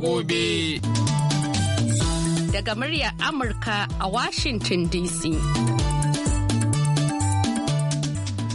gobe. Daga muryar Amurka a Washington DC.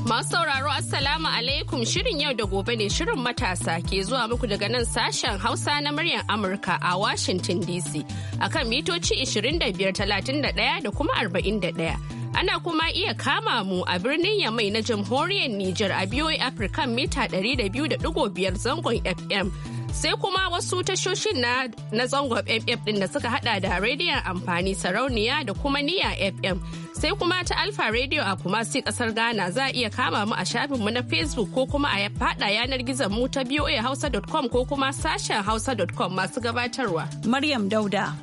Masu sauraro Assalamu alaikum shirin yau da gobe ne shirin matasa ke zuwa muku daga nan sashen Hausa na muryar Amurka a Washington DC a kan mitoci 25,31 da kuma 41. Ana kuma iya kama mu a birnin Yamai na jamhuriyar Nijar a biyoyi African mita 200.5 zangon FM. sai kuma wasu tashoshin na, na zango FM din da suka hada da rediyon amfani sarauniya da kuma niya FM. Sai kuma ta Alfa Radio a kuma sai kasar Ghana za a iya kama mu a shafinmu na Facebook ko kuma a fada yanar gizon mu ta Hausa.com ko kuma sashen hausa.com masu gabatarwa. Maryam Dauda.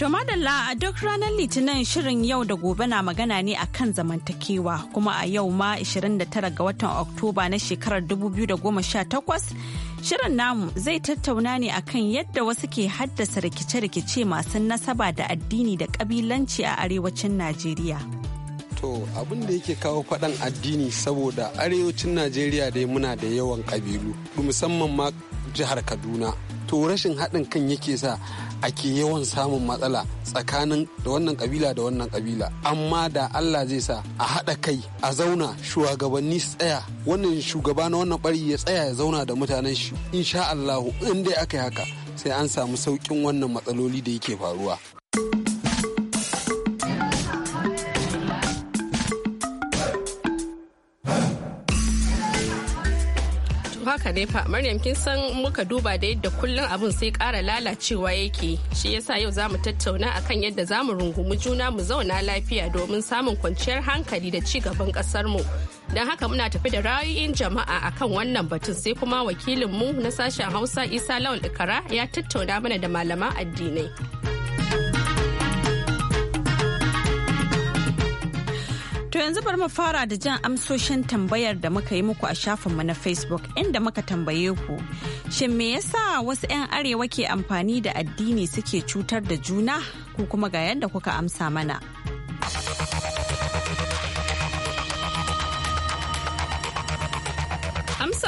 To madalla a duk ranar litinin shirin yau da gobe na magana ne a kan zamantakewa kuma a yau ma 29 ga watan Oktoba na shekarar 2018 shirin namu zai tattauna ne akan yadda wasu ke haddasa rikice-rikice masu nasaba da addini da kabilanci a arewacin Najeriya. To abin da yake kawo faɗan addini saboda arewacin Najeriya dai muna da yawan ƙabilu musamman ma jihar Kaduna. To rashin haɗin kan yake sa ake yawan samun matsala tsakanin da wannan kabila da wannan kabila amma da Allah zai sa a haɗa kai a zauna shugabanni su tsaya wannan shugaba na wannan bari ya tsaya ya zauna da mutanen shi insha Allah in dai aka yi haka sai an samu sauƙin wannan matsaloli da yake faruwa haka Maryam kin san muka duba da yadda kullum abun sai ƙara lalacewa yake shi yasa yau zamu tattauna akan yadda zamu rungumi juna mu zauna lafiya domin samun kwanciyar hankali da ci gaban ƙasar mu dan haka muna tafi da ra'ayoyin jama'a akan wannan batun sai kuma wakilin mu na sashen Hausa Isa Lawal Ikara ya tattauna mana da malaman addinai. yanzu bari mu fara da jan amsoshin tambayar da muka yi muku a shafinmu na Facebook inda muka tambaye ku. Shin me yasa wasu 'yan arewa ke amfani da addini suke cutar da juna ko kuma ga yadda kuka amsa mana?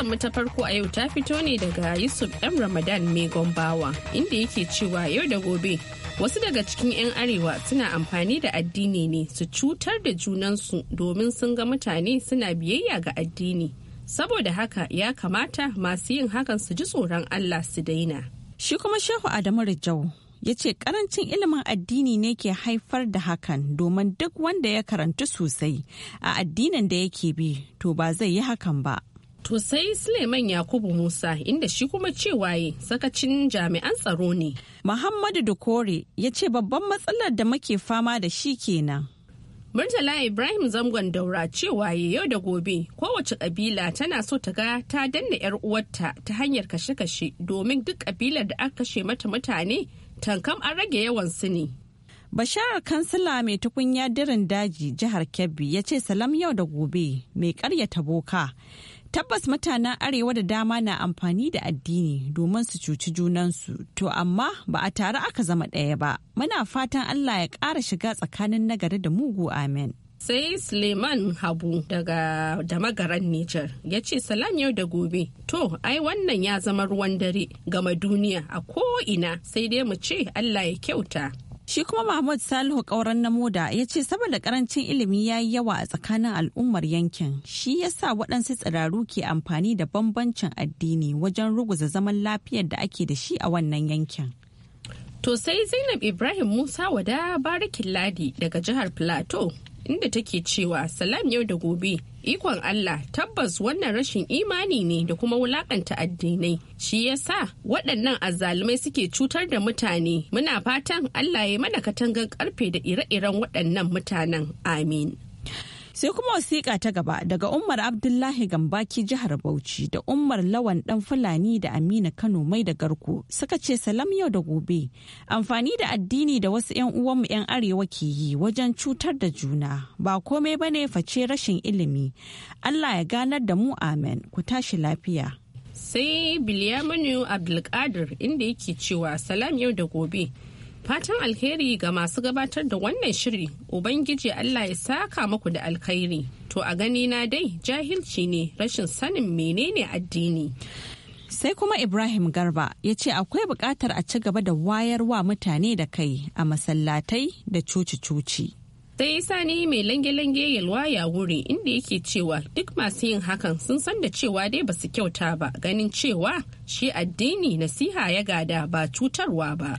Wasikar mu ta farko a yau ta fito ne daga Yusuf ɗan Ramadan mai gombawa inda yake cewa yau da gobe wasu daga cikin 'yan arewa suna amfani da addini ne su cutar da junansu domin sun ga mutane suna biyayya ga addini. Saboda haka ya kamata masu yin hakan su ji tsoron Allah su daina. Shi kuma Shehu Adamu Rijau ya ce karancin ilimin addini ne ke haifar da hakan domin duk wanda ya karantu sosai a addinin da yake bi to ba zai yi hakan ba. To sai Suleiman Yakubu Musa inda shi kuma cewa sakacin jami'an tsaro ne. Muhammadu Dukore ya ce babban matsalar da muke fama da shi kenan. Murtala Ibrahim Zangon Daura cewa yau da gobe kowace kabila tana so ta ga ta danna 'yar uwarta ta hanyar kashe-kashe domin duk kabilar da aka kashe mata mutane tankam an rage yawan su ne. Bashar kansila mai tukunya dirin daji jihar Kebbi ya ce salam yau da gobe mai karyata boka Tabbas mutanen Arewa da dama na amfani da addini domin su cuci junansu, to amma ba a tare aka zama ɗaya ba. Muna fatan Allah ya ƙara shiga tsakanin nagari da mugu amen. sai suleiman habu daga damagaran niger ya ce salam yau da gobe to ai wannan ya zama ruwan dare gama duniya a ko'ina sai dai mu ce allah ya kyauta Shi kuma Mahmud Salihu ƙauren na moda ya ce saboda karancin ilimi ya yi yawa a tsakanin al'ummar yankin shi ya sa waɗansu tsiraru ke amfani da bambancin addini wajen ruguza zaman lafiyar da ake da shi a wannan yankin. To sai Zainab Ibrahim Musa wada barikin ladi daga jihar Plateau inda take cewa salam yau da gobe ikon Allah tabbas wannan rashin imani ne da kuma wulakanta addinai shi yasa waɗannan azzalumai suke cutar da mutane muna fatan Allah ya mana katangan karfe da ire-iren waɗannan mutanen amin Sai kuma wasiƙa ta gaba daga Umar Abdullahi Gambaki jihar Bauchi da Umar Lawan Dan Fulani da Amina Kano mai da Garko suka ce salam yau da gobe. Amfani da addini da wasu 'yan uwanmu 'yan arewa ke yi wajen cutar da juna ba komai bane face rashin ilimi. Allah ya ganar da mu amen ku tashi lafiya. Sai biliyamanu Abdulkadir inda yake cewa salam yau da gobe. Fatan alheri ga masu gabatar da wannan shiri, Ubangiji Allah ya saka muku da alkhairi. To a gani na dai jahilci ne rashin sanin menene addini. Sai kuma Ibrahim Garba ya ce akwai buƙatar a ci gaba da wayarwa mutane da kai a masallatai da cuci-cuci. sai sani mai lange-lange ya ya wuri inda yake cewa duk masu yin hakan sun san da cewa dai basu kyauta ba ganin cewa shi addini nasiha ya gada ba cutarwa ba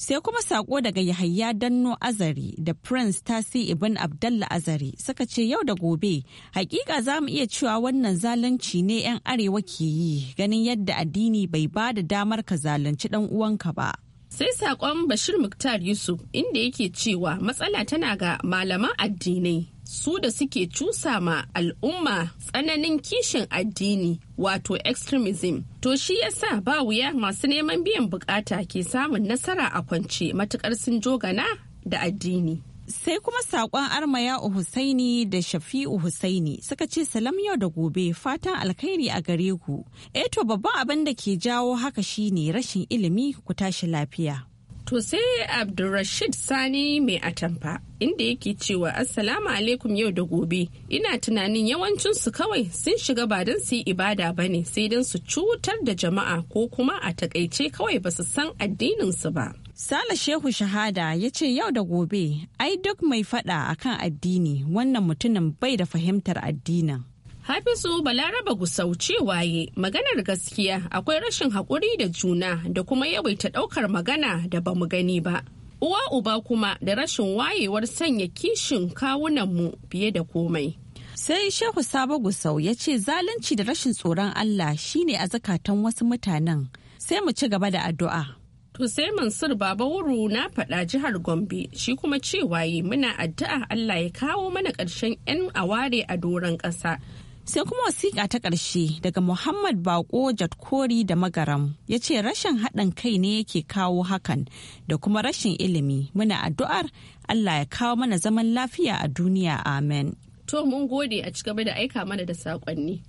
sai kuma sako daga yahaya danno azari da prince tasi ibn abdallah azari suka ce yau da gobe hakika za mu iya cewa wannan zalunci ne 'yan arewa ke yi ganin yadda addini bai ba da damar ka zalunci dan uwanka ba sai saƙon bashir muktar yusuf inda yake cewa matsala tana ga malaman addinai su da suke cusa ma al'umma tsananin kishin addini wato extremism to shi yasa ba wuya masu neman biyan bukata ke samun nasara a kwance matukar sun jogana da addini Sai kuma saƙon armaya hussaini da Shafi'u Husaini suka ce salam yau da gobe fatan alkhairi a gare ku. Eto eh babban abin da ke jawo haka shine rashin ilimi ku tashi lafiya. To sai Abdulrashid Sani mai atamfa inda yake cewa Assalamu alaikum yau da gobe ina tunanin yawancin su kawai sun shiga ba don su yi ibada ba ne sai don su cutar da jama'a ko kuma a takaice kawai ba su san addininsu ba. Sale Shehu Shahada ya ce yau da gobe, ai duk mai fada akan addini wannan mutumin bai da fahimtar addinin. Hafizu Balaraba Gusau ce waye maganar gaskiya akwai rashin haƙuri da juna da kuma yawaita ɗaukar magana da ba mu gani ba. Uwa uba kuma da rashin wayewar sanya kishin kawunanmu fiye da komai. Sai Shehu Sabo Gusau ya ce zalunci da rashin tsoron Allah shine a zakatan wasu mutanen sai mu ci gaba da addu'a. To sai Mansur Baba Wuru na faɗa jihar Gombe shi kuma cewa yi muna addu'a Allah ya kawo mana ƙarshen 'yan aware a doron ƙasa. Sai kuma wasiƙa ta ƙarshe daga Muhammad Bako Jatkori da Magaram ya ce rashin haɗin kai ne yake kawo hakan da kuma rashin ilimi muna addu'ar Allah ya kawo mana zaman lafiya a duniya amen. To mun gode a ci gaba da aika mana da saƙonni.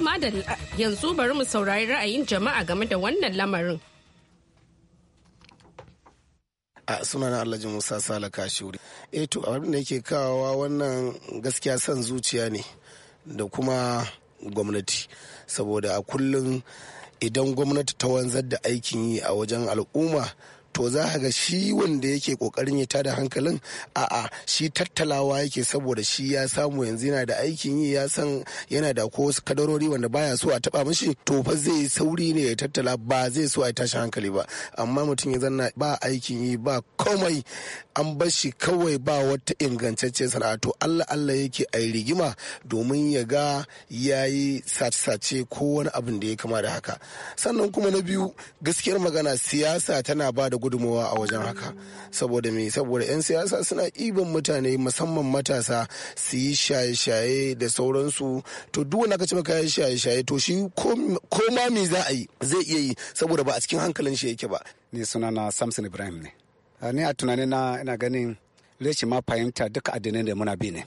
madalla yanzu bari mu saurari ra'ayin jama'a game da wannan lamarin. a sunana alhaji musa sala kashuri eh to abin da yake kawowa wannan gaskiya son zuciya ne da kuma gwamnati saboda a kullum idan gwamnati ta wanzar da aikin yi a wajen al'umma to za ka ga shi wanda yake kokarin ya tada hankalin a'a shi tattalawa yake saboda shi ya samu yanzu yana da aikin yi ya san yana da ko kadarori wanda baya so a taba mishi to fa zai sauri ne ya tattala ba zai so a tashi hankali ba amma mutum ya zanna ba aikin yi ba komai an bar shi kawai ba wata ingantacciyar sana'a to Allah Allah yake a rigima domin ya ga yayi yi sace-sace ko wani abin da ya kama da haka sannan kuma na biyu gaskiyar magana siyasa tana ba da gudunmawa a wajen haka saboda me saboda 'yan siyasa suna iban mutane musamman matasa su yi shaye-shaye da sauransu to duk wanda ka ce maka yi shaye-shaye to shi ko ma me za a yi zai iya yi saboda ba a cikin hankalin shi yake ba ni sunana samson ibrahim ne ni a tunani na ina ganin rashin ma fahimta duka addinai da muna bi ne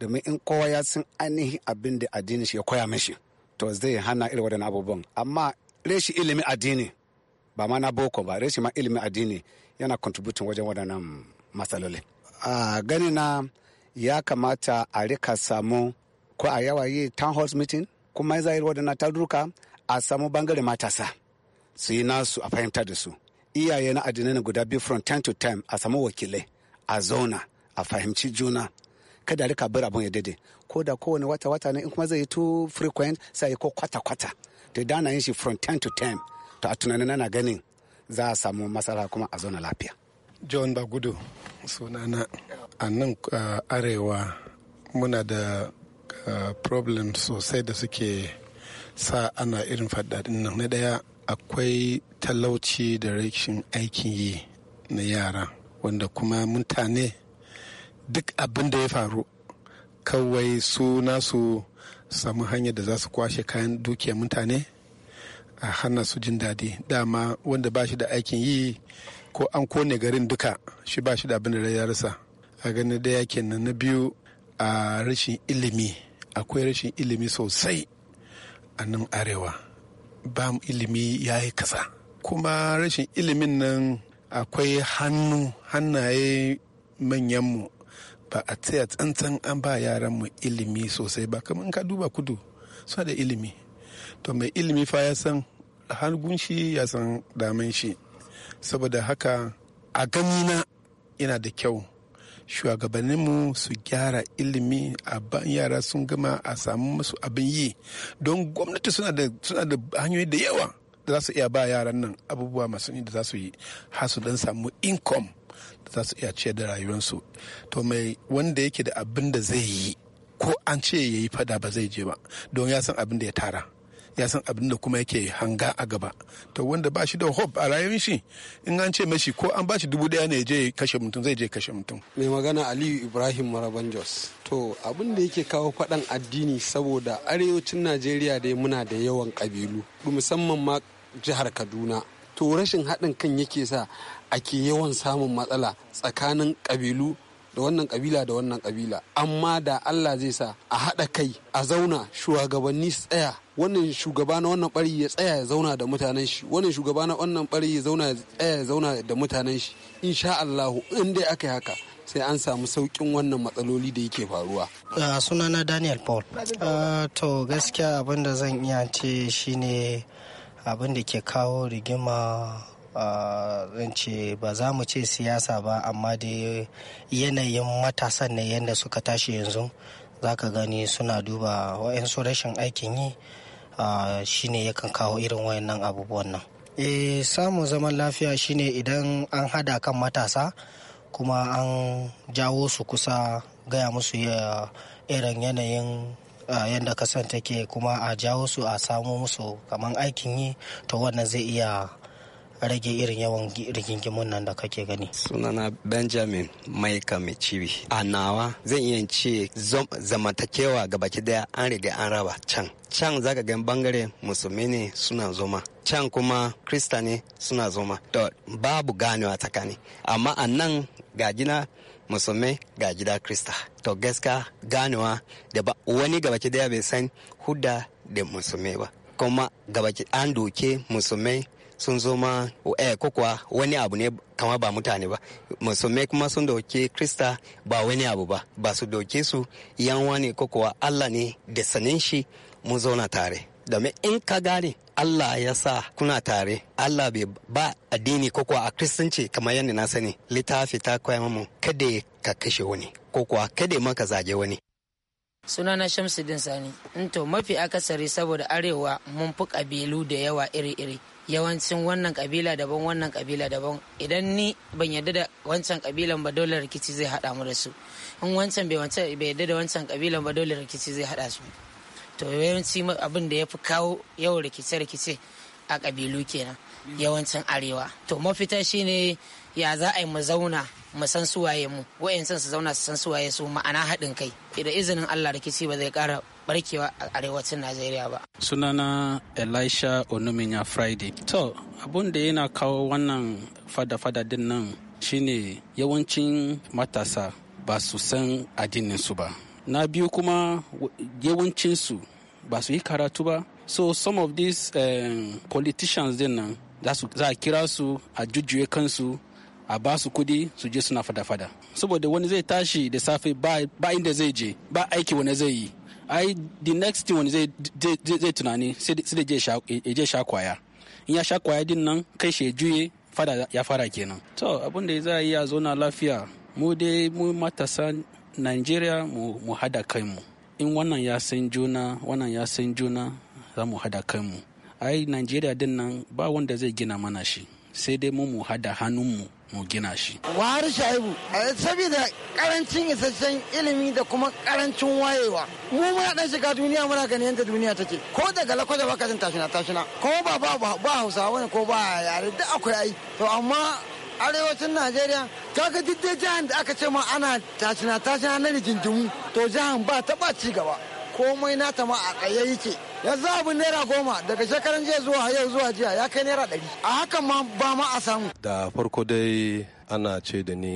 domin in kowa ya san ainihin abin da addinin shi ya koya mashi to zai hana irin waɗannan abubuwan amma rashin ilimin addini ba ma na boko ba rashin ma ilimin addini yana contributing wajen waɗannan matsaloli a gani na ya kamata a rika samu ko a yawa yi town hall meeting kuma ya yi waɗannan taruka a samu bangare matasa su yi nasu a fahimtar da su iyaye na addinai guda biyu from time to time a samu wakilai a zauna a fahimci juna kada rika bar abin ya daidai ko da kowane wata wata ne in kuma zai yi too frequent sai ko kwata kwata to dana yin shi from time to time to a tunanin ana ganin za a samu masara kuma a zauna lafiya john bagudu sunana a nan uh, arewa muna da uh, problem sosai da suke sa ana irin faɗaɗin nan na ɗaya akwai talauci da rashin aikin yi na yara wanda kuma mutane duk abin da ya faru kawai su nasu samu hanyar da za su kwashe kayan dukiyar mutane a hana su jin daɗi dama wanda ba shi da aikin yi ko an kone garin duka shi ba shi da abin da ya rasa a gani da nan na biyu a rashin ilimi akwai rashin ilimi sosai a nan arewa ba ilimi ya yi kasa kuma rashin ilimin nan akwai hannu hannaye manyanmu ba a tsaya tsantsan an ba yaran mu ilimi sosai ba kamar ka duba kudu suna da ilimi to mai ilimi fa ya san hargun shi ya san damanshi shi saboda haka a ganina yana da kyau shugabanninmu su gyara ilimi a ban yara sun gama a samu masu abin yi don gwamnati suna da hanyoyi da yawa da za su iya ba yaran nan abubuwa masu da za su yi har su dan samu income da za su iya ciyar da rayuwarsu to mai wanda yake da abin da zai yi ko an ce ya yi fada ba zai je ba don ya san abin da ya tara ya san abin da kuma yake hanga a gaba to wanda ba shi da hope a rayuwar shi in an ce mashi ko an ba shi dubu daya ne je kashe mutum zai je kashe mutum mai magana aliyu ibrahim maraban jos to abin da yake kawo faɗan addini saboda arewacin najeriya dai muna da yawan ƙabilu musamman ma jihar kaduna to rashin haɗin kan yake sa ake yawan samun matsala tsakanin ƙabilu da wannan kabila da wannan kabila amma da allah zai sa a haɗa kai a zauna shugabanni tsaya wannan shugaba na wannan bari ya tsaya ya zauna da mutanen shi wannan shugaba na wannan bari ya zauna ya zauna da mutanen shi insha Allah in dai aka yi haka sai an samu saukin wannan matsaloli da yake faruwa. sunana Daniel Paul. to gaskiya abin da zan iya ce shine abin da ke kawo rigima zan ce ba za mu ce siyasa ba amma dai yanayin matasan ne yadda suka tashi yanzu za ka gani suna duba wa'yansu rashin aikin yi shine yakan kawo irin wayannan abubuwan nan e samun zaman lafiya shine idan an hada kan matasa kuma an jawo su kusa gaya musu irin yanayin yadda kasan take kuma a jawo su a samu musu kamar aikin yi to wannan zai iya rage irin yawan rigingimun nan da kake gani. Sunana Benjamin Maika ciwi A nawa zan iya ce zamantakewa baki daya an riga an raba can. Can zaka gan bangare musulmi ne suna zoma. Can kuma krista ne suna zoma. To babu ganewa tsakani. Amma a nan gajina musulmai ga gida krista to gaska ganewa da ba wani baki daya bai san huda da musulmi ba kuma baki an doke musulmai sun zo ma eh wani abu ne kama ba mutane ba musulmai kuma sun doke krista ba wani abu ba ba su doke su yanwa ne ko kuwa allah ne da sanin shi mun zauna tare domin in ka gane Allah ya sa kuna tare Allah bai ba addini ko kuwa a kristanci kamar yadda na sani littafi ta koya mamu kada ka kashe wani ko kuwa kada ma ka zage wani sunana shamsuddin sani to mafi akasari saboda arewa mun fi kabilu da yawa iri-iri yawancin wannan kabila daban wannan kabila daban idan ni ban yarda da wancan kabilan ba dole rikici zai hada mu da su in wancan bai wancan bai yarda da wancan kabilan ba dole rikici zai hada su to yawanci abin da ya fi kawo yawan rikice-rikice a kabilu kenan yawancin arewa to mafita shine ya za a yi mu zauna mu san su waye mu wa'yancan su zauna su san su waye su ma'ana haɗin kai idan izinin allah rikici ba zai ƙara barkewa a arewacin najeriya ba sunana elisha onuminya friday to abun da yana kawo wannan fada-fada din nan shine yawancin matasa ba su san su ba na biyu kuma yawancinsu ba su yi karatu ba so some of these um, politicians din nan za a kira su a jujjuye kansu a ba su kudi su je suna fada-fada saboda wani zai tashi da safe ba inda zai je ba aiki wani zai yi ai the next thing wani zai tunani sai da je sha kwaya in ya sha kwaya din nan kai shi juye fada ya fara kenan to abin da za a yi a lafiya mu dai mu matasa najeriya mu hada mu. in wannan ya san juna wannan ya san juna za mu hada mu. ai najeriya din nan ba wanda zai gina mana shi sai dai mu mu hada hannunmu mu gina shi. Buhari Shaibu, eh, saboda karancin isasshen ilimi da kuma karancin wayewa. Mu muna dan shiga duniya muna ganin yadda duniya take. Ko daga lakwada baka jin tashina tashina. Ko ba ba ba Hausawa ne ko ba yare duk akwai ai. To amma arewacin Najeriya kaga duk jihar da aka ce ma ana tashina tashina na rigingimu to jihar ba ta ba ci gaba. komai ta ma a tsaye yake yanzu abin naira goma daga shekaran jiya zuwa yau zuwa jiya ya kai naira ɗari a hakan ma ba ma a samu da farko dai ana ce da ni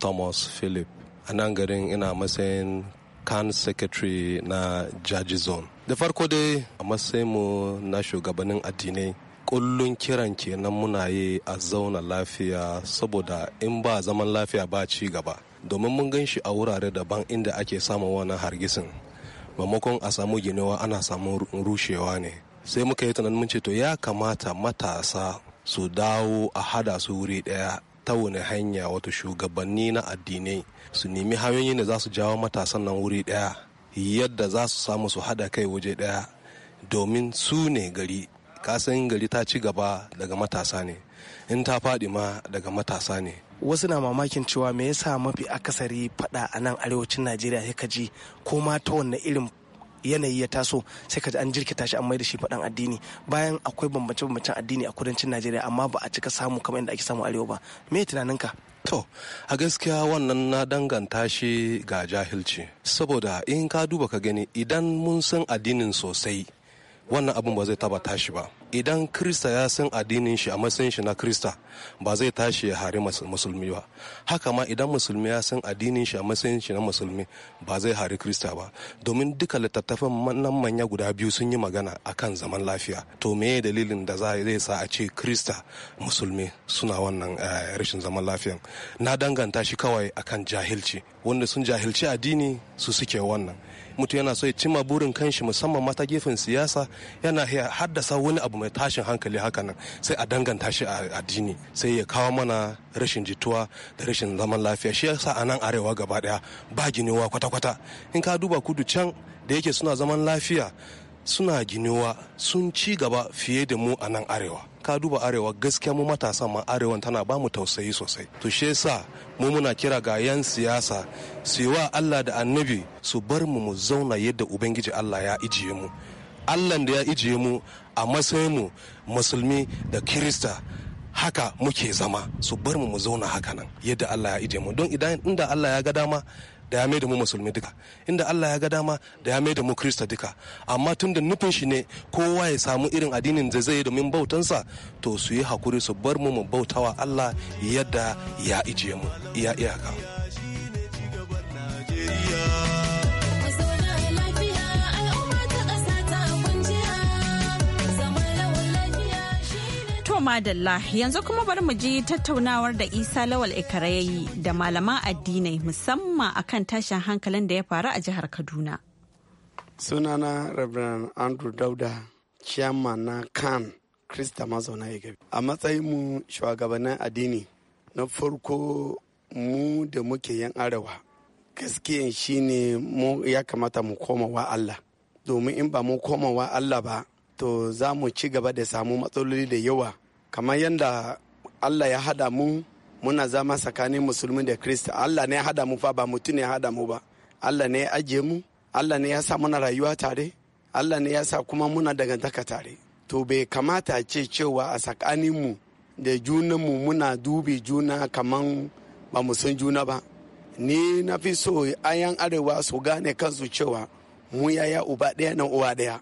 thomas philip a nan garin ina matsayin kan secretary na jaji zone da farko dai a mu na shugabannin addinai kullun kiran kenan muna yi a zauna lafiya saboda in ba zaman lafiya ba ci gaba domin mun gan shi a wurare daban inda ake samun wannan hargitsin maimakon a samu ginewa ana samu rushewa ne sai muka yi tunanin mun ce to ya kamata matasa su dawo a hada su wuri daya ta wani hanya wato shugabanni na addinai su nemi hanyoyin da za su jawo matasan nan wuri daya yadda za su samu su hada kai waje daya domin su ne gari kasan gari ta ci gaba daga matasa ne in ta faɗi ma daga matasa ne wasu na mamakin cewa me yasa mafi akasari fada a nan arewacin najeriya sai kaji ko ma ta wanne irin yanayi ya taso sai ka ji an jirkita shi an mai da shi fadan addini bayan akwai bambance-bambancen addini a kudancin najeriya amma ba a cika samu kamar yadda ake samu arewa ba me tunaninka to a gaskiya wannan na danganta shi ga jahilci saboda in ka duba ka gani idan mun san addinin sosai wannan abin ba zai taba tashi ba idan krista ya san addinin shi a matsayin shi na krista ba zai tashi ya hari musulmi ba haka ma idan musulmi ya san addinin shi a matsayin shi na musulmi ba zai hari krista ba domin duka littattafan nan manya guda biyu sun yi magana akan zaman lafiya to me dalilin da za zai sa a ce krista musulmi suna wannan eh, rashin zaman lafiyan na danganta shi kawai akan jahilci wanda sun jahilci addini su suke wannan mutum yana so ya cimma burin kanshi musamman mata gefen siyasa yana haddasa wani abu mai tashin hankali haka nan sai a danganta shi a addini sai ya kawo mana rashin jituwa da rashin zaman lafiya shi yasa a nan arewa gaba daya ba giniwa kwata-kwata in ka duba kudu can da yake suna zaman lafiya suna giniwa sun ci gaba fiye da mu a nan arewa ka duba arewa gaskiya mu matasan ma arewan tana ba mu tausayi sosai to shi yasa mu muna kira ga yan siyasa su wa Allah da annabi su bar mu mu zauna yadda ubangiji Allah ya ijiye mu Allah da ya ijiye mu a matsayin mu musulmi da kirista haka muke zama su bar mu mu zauna haka nan yadda Allah ya ijiye mu don idan inda Allah ya ga dama da ya mai da mu musulmi duka inda Allah ya ga dama da ya mai da mu krista duka amma tun da nufin shi ne kowa ya samu irin addinin da zai yi domin bautansa to su yi hakuri su bar mu mu bautawa Allah yadda ya ijiye mu iya iyaka. madalla yanzu kuma bari mu ji tattaunawar da isa lawal yayi da malaman addinai musamman akan tashin hankalin da ya faru a jihar kaduna sunana reverend andrew dauda chairman na kan krista mazauna ya a matsayin mu shugabannin addini na farko mu da muke yan arewa gaskiyan shine mu ya kamata mu koma wa allah domin in ba mu koma wa allah ba to za mu ci gaba da samu matsaloli da yawa kamar yadda allah ya hada mu muna zama tsakanin musulmi da krista allah ne ya hada mu fa ba mutum ne ya hada mu ba allah ne ya ajiye mu allah ne ya sa muna rayuwa tare allah ne ya sa kuma muna dangantaka tare to bai kamata ce cewa a tsakanin mu da mu muna dubi juna kamar ba mu san juna ba ni na fi so ayan arewa su gane kansu cewa mu yaya uba ɗaya na uwa ɗaya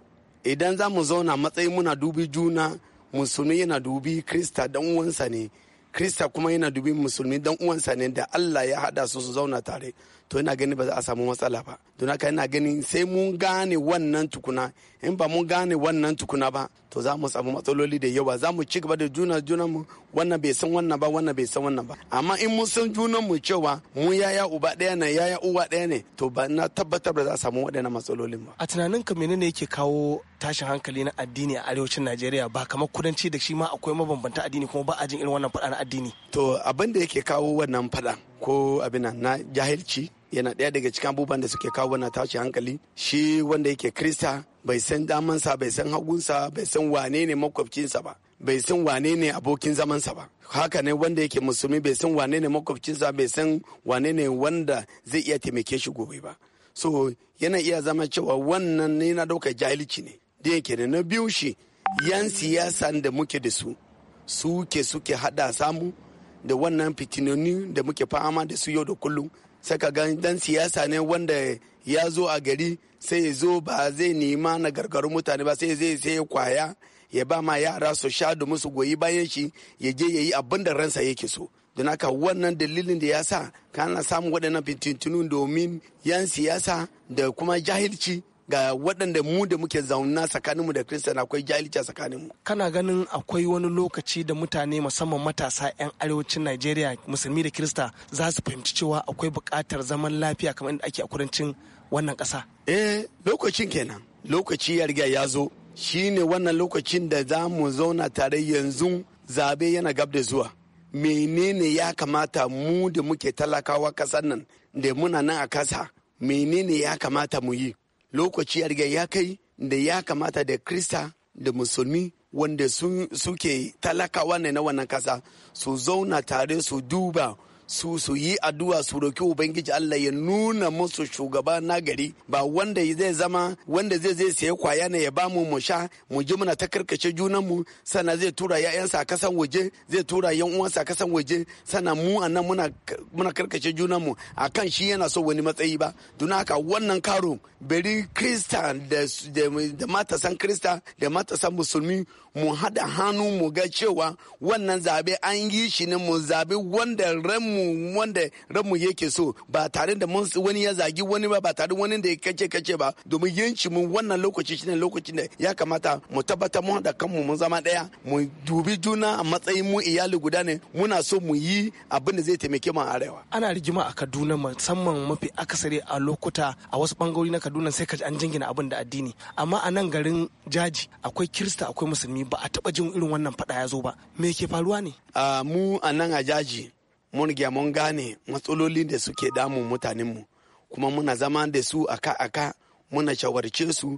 idan za mu zauna matsayin muna dubi juna musulmi yana dubi krista dan uwansa ne krista kuma yana dubi musulmi dan uwansa ne da allah ya hada su su zauna tare to yana gani ba za a samu matsala ba don haka yana gani sai mun gane wannan tukuna in ba mun gane wannan tukuna ba to za mu samu matsaloli da yawa za mu ci gaba da juna juna mu wannan bai san wannan ba wannan bai san wannan ba amma in mun san junan mu cewa mu yaya uba ɗaya ne yaya uwa ɗaya ne to ba na tabbatar da za a samu waɗannan matsalolin ba a tunanin ka menene yake kawo tashin hankali na addini a arewacin Najeriya ba kamar kudanci da shi ma akwai mabambanta addini kuma ba a jin irin wannan fada na addini. To abin da yake kawo wannan fada ko abin na jahilci yana ɗaya daga cikin abubuwan da suke kawo wannan tashin hankali shi wanda yake Krista bai san damansa bai san hagunsa bai san wane ne makwabcinsa ba bai san wane ne abokin zamansa ba haka ne wanda yake musulmi bai san wane ne makwabcinsa bai san wane ne wanda zai iya taimake shi gobe ba so yana iya zama cewa wannan ne na dauka jahilci ne da yake da na biyu shi yan siyasa da muke da su suke suke hada samu da wannan fitinoni da muke fama da su yau da kullum sai ka dan siyasa ne wanda ya zo a gari sai ya zo ba zai nema na gargaru mutane ba sai zai sai kwaya ya ba ma yara su sha domin su goyi bayan shi ya je ya yi abin da ransa yake so don haka wannan dalilin da ya sa kana samu waɗannan fitintunu domin yan siyasa da kuma jahilci ga waɗanda mu da muke zauna tsakaninmu da na akwai jahilci a tsakaninmu. kana ganin akwai wani lokaci da mutane musamman matasa 'yan arewacin nigeria musulmi da kirista za su fahimci cewa akwai buƙatar zaman lafiya kamar inda ake a kudancin wannan ƙasa. eh lokacin kenan lokaci ya riga ya zo shine wannan lokacin da za mu zauna tare yanzu zabe yana gab da zuwa menene ya kamata mu da muke talakawa kasar nan da muna nan a kasa menene ya kamata mu yi lokaci ya ya kai da ya kamata da krista da musulmi wanda suke talakawa ne na wannan kasa su zauna tare su duba su su yi addu'a su roki ubangiji Allah ya nuna musu shugaba na gari ba wanda zai zama wanda zai zai sayi kwaya ne ya bamu mu sha mu ji muna ta karkace junan mu sana zai tura sa kasan waje zai tura yan sa kasan waje sana mu anan muna muna karkace junan mu akan shi yana so wani matsayi ba don haka wannan karo bari krista da matasan krista da san musulmi mu hada hannu mu ga cewa wannan zabe an yi shi ne mu zabe wanda ranmu mu wanda ranmu yake so ba tare da mun wani ya zagi wani ba ba tare wani da ya kace kace ba domin yanci mu wannan lokaci shine lokacin da ya kamata mu tabbatar mu da kanmu mun zama daya mu dubi juna a matsayin mu iyali guda ne muna so mu yi abin da zai taimake mu arewa ana rigima a Kaduna musamman mafi akasari a lokuta a wasu bangarori na Kaduna sai ka an jingina abin da addini amma a nan garin jaji akwai kirista akwai musulmi ba a taba jin irin wannan fada ya zo ba me ke faruwa ne ah, mu a nan a jaji mun riga mun gane matsaloli da suke damun mutanenmu kuma muna zama da su aka-aka muna shawarce su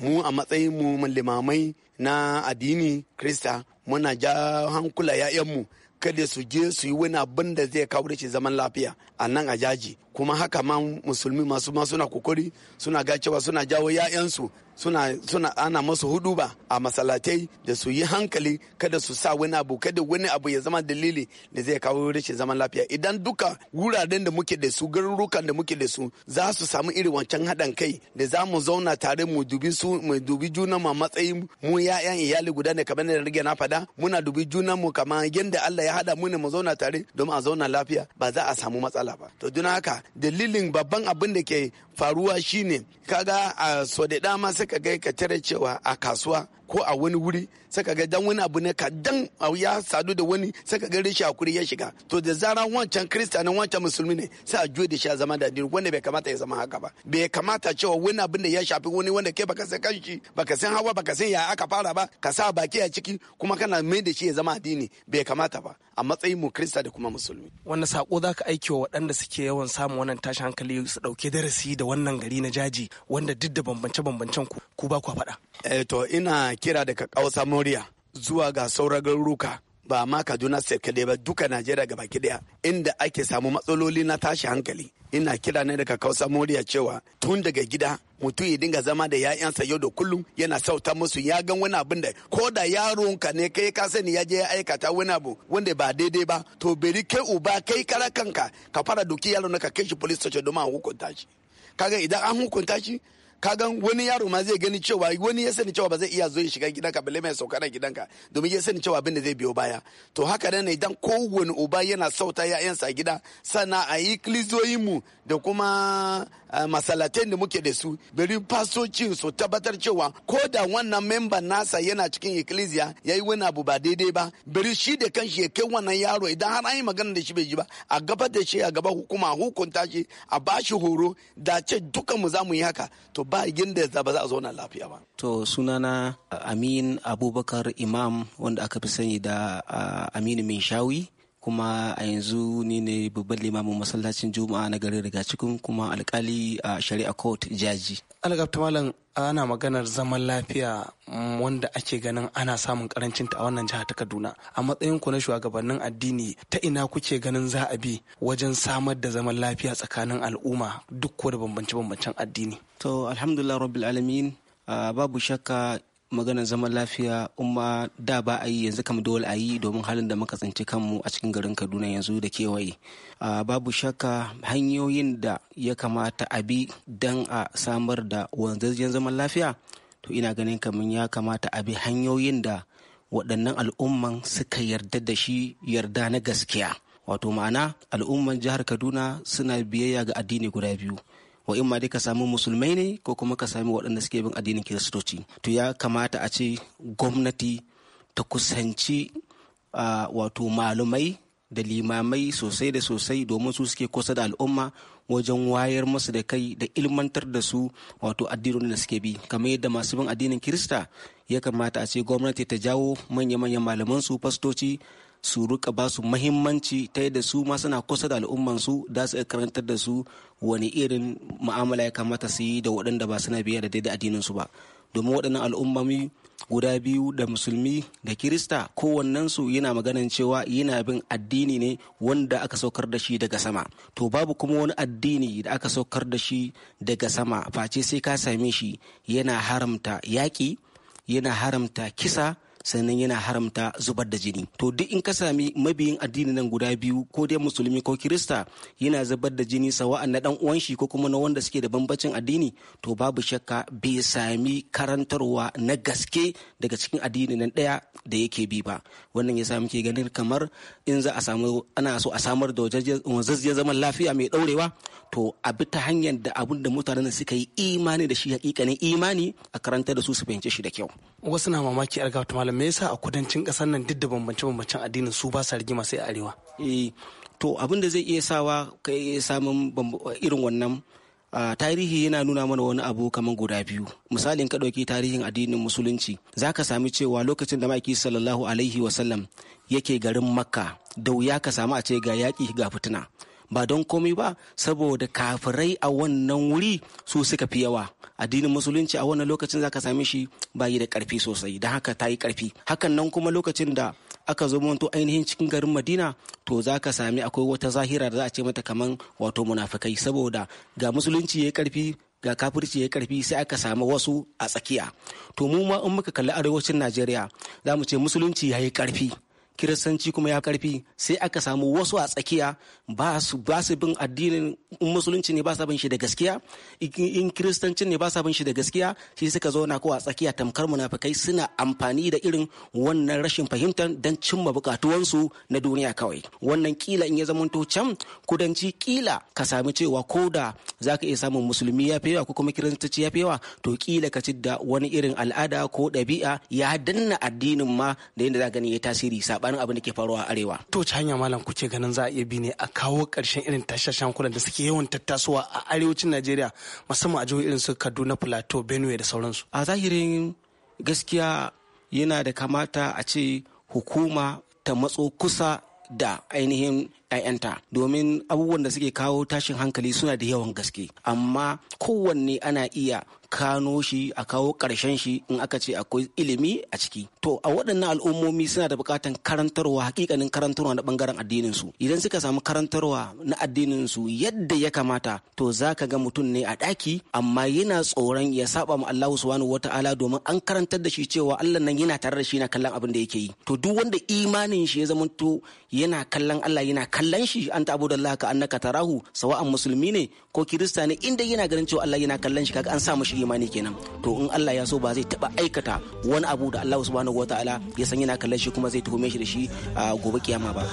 mu a matsayin mu limamai na addini krista muna ja hankula 'ya'yanmu kada su je su yi wani abin da zai kawo shi zaman lafiya a nan a jaji kuma haka ma musulmi masu ma suna kokari suna ga cewa suna jawo ya'yansu suna suna ana masu hudu ba a masalatai da su yi hankali kada su sa wani abu kada wani abu ya zama dalili da zai kawo rashin zaman lafiya idan duka wuraren da muke da su garurukan da muke da su za su samu irin wancan haɗin kai da za mu zauna tare mu dubi su mu dubi junan mu matsayin mu ya'yan iyali guda ne kamar da rage na fada muna dubi junan mu kamar yadda Allah ya hada mu ne mu zauna tare don a zauna lafiya ba za a samu matsala ba to duna haka dalilin babban abin da ke faruwa shine kaga a sau da dama sai ka ga ka tare cewa a kasuwa ko a wani wuri sai ka ga dan wani abu ne ka dan ya sadu da wani sai ka ga rishi hakuri ya shiga to da zaran wancan krista ne wancan musulmi ne sai a juye da shi a zama da addini wanda bai kamata ya zama haka ba bai kamata cewa wani abin da ya shafi wani wanda ke baka san kanshi baka san hawa baka san ya aka fara ba ka sa baki a ciki kuma kana mai da shi ya zama addini bai kamata ba a matsayin mu krista da kuma musulmi wannan sako za ka aiki wa waɗanda suke yawan samun wannan tashin hankali su dauke darasi da wannan gari na jaji wanda duk da bambance-bambancen ku ku ba ku faɗa. Eh to ina kira daga kausa moriya zuwa ga sauran garuruka ba ma kaduna state kadai ba duka najeriya gaba daya inda ake samu matsaloli na tashi hankali ina kira ne daga kausa moriya cewa tun daga gida mutum ya dinga zama da ya'yansa yau da kullum yana sauta musu ya gan wani abin da ko da yaronka ne kai ka sani ya je ya aikata wani abu wanda ba daidai ba to beri kai uba kai kara kanka ka fara duki yaron ka kai shi police station domin a hukunta shi kaga idan an hukunta shi Ka gan wani yaro ma zai gani cewa wani ya sani cewa ba zai iya zo ya shiga gidanka balle mai sauka na gidanka domin ya sani cewa abin da zai biyo baya to haka nan ne idan kowane uba yana sauta ya'yansa a gida sana a yi kilizoyinmu da kuma masalatai da muke da su bari fasoci su tabbatar cewa ko da wannan memba nasa yana cikin ikkilisiya ya yi wani abu ba daidai ba bari shi da kanshi ya kai wannan yaro idan har an yi magana da shi bai ji ba a gaba da shi a gaba hukuma hukunta shi a bashi horo da ce dukan mu za mu yi haka to ba da za ba za a na lafiya ba. to sunana amin abubakar imam wanda aka fi sani da aminu minshawi kuma a yanzu ni ne babban limamin masallacin juma'a na garin riga cikin kuma alkali a shari'a court jaji algabta malam ana maganar zaman lafiya mm, wanda ake ganin ana samun karancin ta a wannan jihar ta kaduna a matsayin ku na shugabannin addini ta ina kuke ganin za a bi wajen samar da zaman lafiya tsakanin al'umma duk da bambance-bambancen addini to alhamdulillah rabbil alamin ah, babu shakka maganar zaman lafiya umma da ba a yi yanzu kama dole a yi domin halin da muka tsinci kanmu a cikin garin kaduna yanzu da kewaye babu shakka hanyoyin da ya kamata a bi don a samar da wanzajen zaman lafiya to ina ganin kamar ya kamata a bi hanyoyin da waɗannan al'umman suka yarda da shi yarda na gaskiya wato ma'ana al'umman jihar kaduna suna biyayya ga addini guda biyu wa in ma dai ka samu musulmai ne ko kuma ka samu waɗanda suke bin addinin kiristoci to ya kamata a ce gwamnati ta kusanci wato malumai da limamai sosai da sosai domin su suke kusa da al'umma wajen wayar musu da kai da ilmantar da su wato addinin da suke bi kamar yadda masu bin addinin kirista ya kamata a ce gwamnati ta jawo manya-manyan malaman su fastoci su rika ba su mahimmanci ta yadda su ma suna kusa da al'ummansu da su karantar da su wani irin mu'amala ya kamata su yi da waɗanda ba suna biya da daidai addinin su ba domin waɗannan al'ummomi guda biyu da musulmi da kirista kowannensu yana maganan cewa yana bin addini ne wanda aka saukar da shi daga sama to babu kuma wani addini da aka saukar da shi daga sama face sai ka same shi yana haramta yaƙi yana haramta kisa sannan yana haramta zubar da jini to duk in ka sami mabiyin addini nan guda biyu ko dai musulmi ko kirista yana zubar da jini sawa'an na dan uwan shi ko kuma na wanda suke da bambancin addini to babu shakka bai sami karantarwa na gaske daga cikin addini nan daya da yake bi ba wannan yasa muke ganin kamar in za a samu ana so a samar da wajajjen zaman lafiya mai daurewa to a bi ta hanyar da abin da mutanen suka yi imani da shi hakikanin imani a karanta da su su fahimci shi da kyau wasu na mamaki arga malamai yasa a kudancin kasar nan duk da bambance-bambancen addinin su ba sa rigima sai a arewa eh to abin da zai iya sawa ka iya samun irin wannan tarihi yana nuna mana wani abu kamar guda biyu misalin ka ɗauki tarihin addinin musulunci za ka sami cewa lokacin da maki sallallahu alaihi wasallam yake garin makka da wuya ka samu a ce ga yaƙi ga fitina ba don komai ba saboda kafirai a wannan wuri su suka fi yawa addinin musulunci a wannan lokacin zaka same shi bayi da karfi sosai da haka ta yi karfi hakan nan kuma lokacin da aka zo manto ainihin cikin garin madina to za ka sami akwai wata zahira da za a ce mata kaman wato munafukai saboda ga musulunci ya yi karfi ga kafirci ya yi karfi sai aka samu wasu a tsakiya to mu ma in muka kalli arewacin najeriya za mu ce musulunci ya yi karfi kiristanci kuma ya karfi sai aka samu wasu a tsakiya ba su ba su bin addinin in musulunci ne ba sa bin shi da gaskiya in kiristanci ne ba sa bin shi da gaskiya sai suka zauna ko a tsakiya tamkar munafikai suna amfani da irin wannan rashin fahimtar don cimma bukatuwansu na duniya kawai wannan kila in ya zamanto can kudanci kila ka sami cewa ko da za ka iya samun musulmi ya fi ko kuma kiristanci ya fi yawa to kila ka ci da wani irin al'ada ko ɗabi'a ya danna addinin ma da yadda za gani ya tasiri saɓa sabanin abin da ke faruwa a arewa to ci hanya malam kuke ganin za a iya bi ne a kawo karshen irin tashashen kulan da suke yawan tattasowa a arewacin Najeriya musamman a jihohi irin su Kaduna Plateau Benue da sauransu a zahirin gaskiya yana da kamata a ce hukuma ta matso kusa da ainihin 'ya'yanta domin abubuwan da suke kawo tashin hankali suna da yawan gaske amma kowanne ana iya kano shi a kawo ƙarshen shi in aka ce akwai ilimi a ciki to a waɗannan al'ummomi suna da buƙatan karantarwa hakikanin karantarwa na ɓangaren addinin su idan suka samu karantarwa na addinin su yadda ya kamata to za ka ga mutum ne a ɗaki amma yana tsoron ya saba ma Allah subhanahu wataala domin an karantar da shi cewa Allah nan yana tare da shi yana kallon abin da yake yi to duk wanda imanin shi ya to yana kallon Allah yana kallon shi an ta abudallahi ka annaka tarahu sawa'an musulmi ne ko kirista ne inda yana ganin cewa Allah yana kallon shi kaga an sa mishi imani kenan to in Allah ya so ba zai taba aikata wani abu da Allah subhanahu wataala ya san yana kallon shi kuma zai tuhume shi da shi a gobe kiyama ba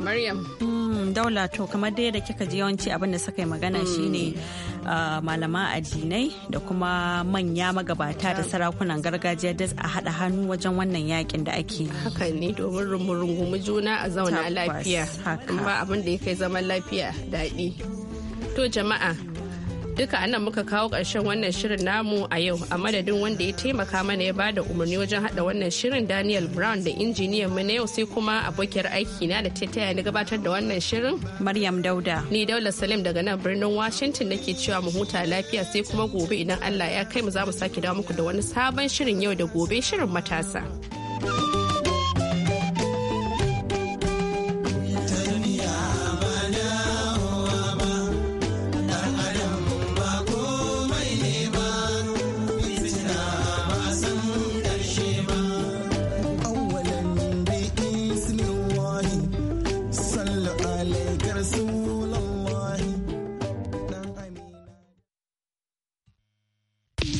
Maryam daula to kamar dai da kika ji yawanci abin da suka yi magana hmm. shine uh, malama addinai da kuma manya magabata da sarakunan gargajiya da a haɗa hannu wajen wannan yakin da ake yi. Haka ne domin rungumi juna a zauna lafiya. ba abin da ya kai zaman lafiya daɗi. To jama'a duka anan muka kawo ƙarshen wannan shirin namu a yau a madadin wanda ya taimaka mana ya bada umarni wajen hada wannan shirin daniel brown da injiniyan mu na yau sai kuma abokiyar aiki na da ta taya ni gabatar da wannan shirin maryam dauda ni daula salim daga nan birnin washington nake cewa mu huta lafiya sai kuma gobe idan allah ya kai mu za mu sake dawo muku da wani sabon shirin yau da gobe shirin matasa. thank you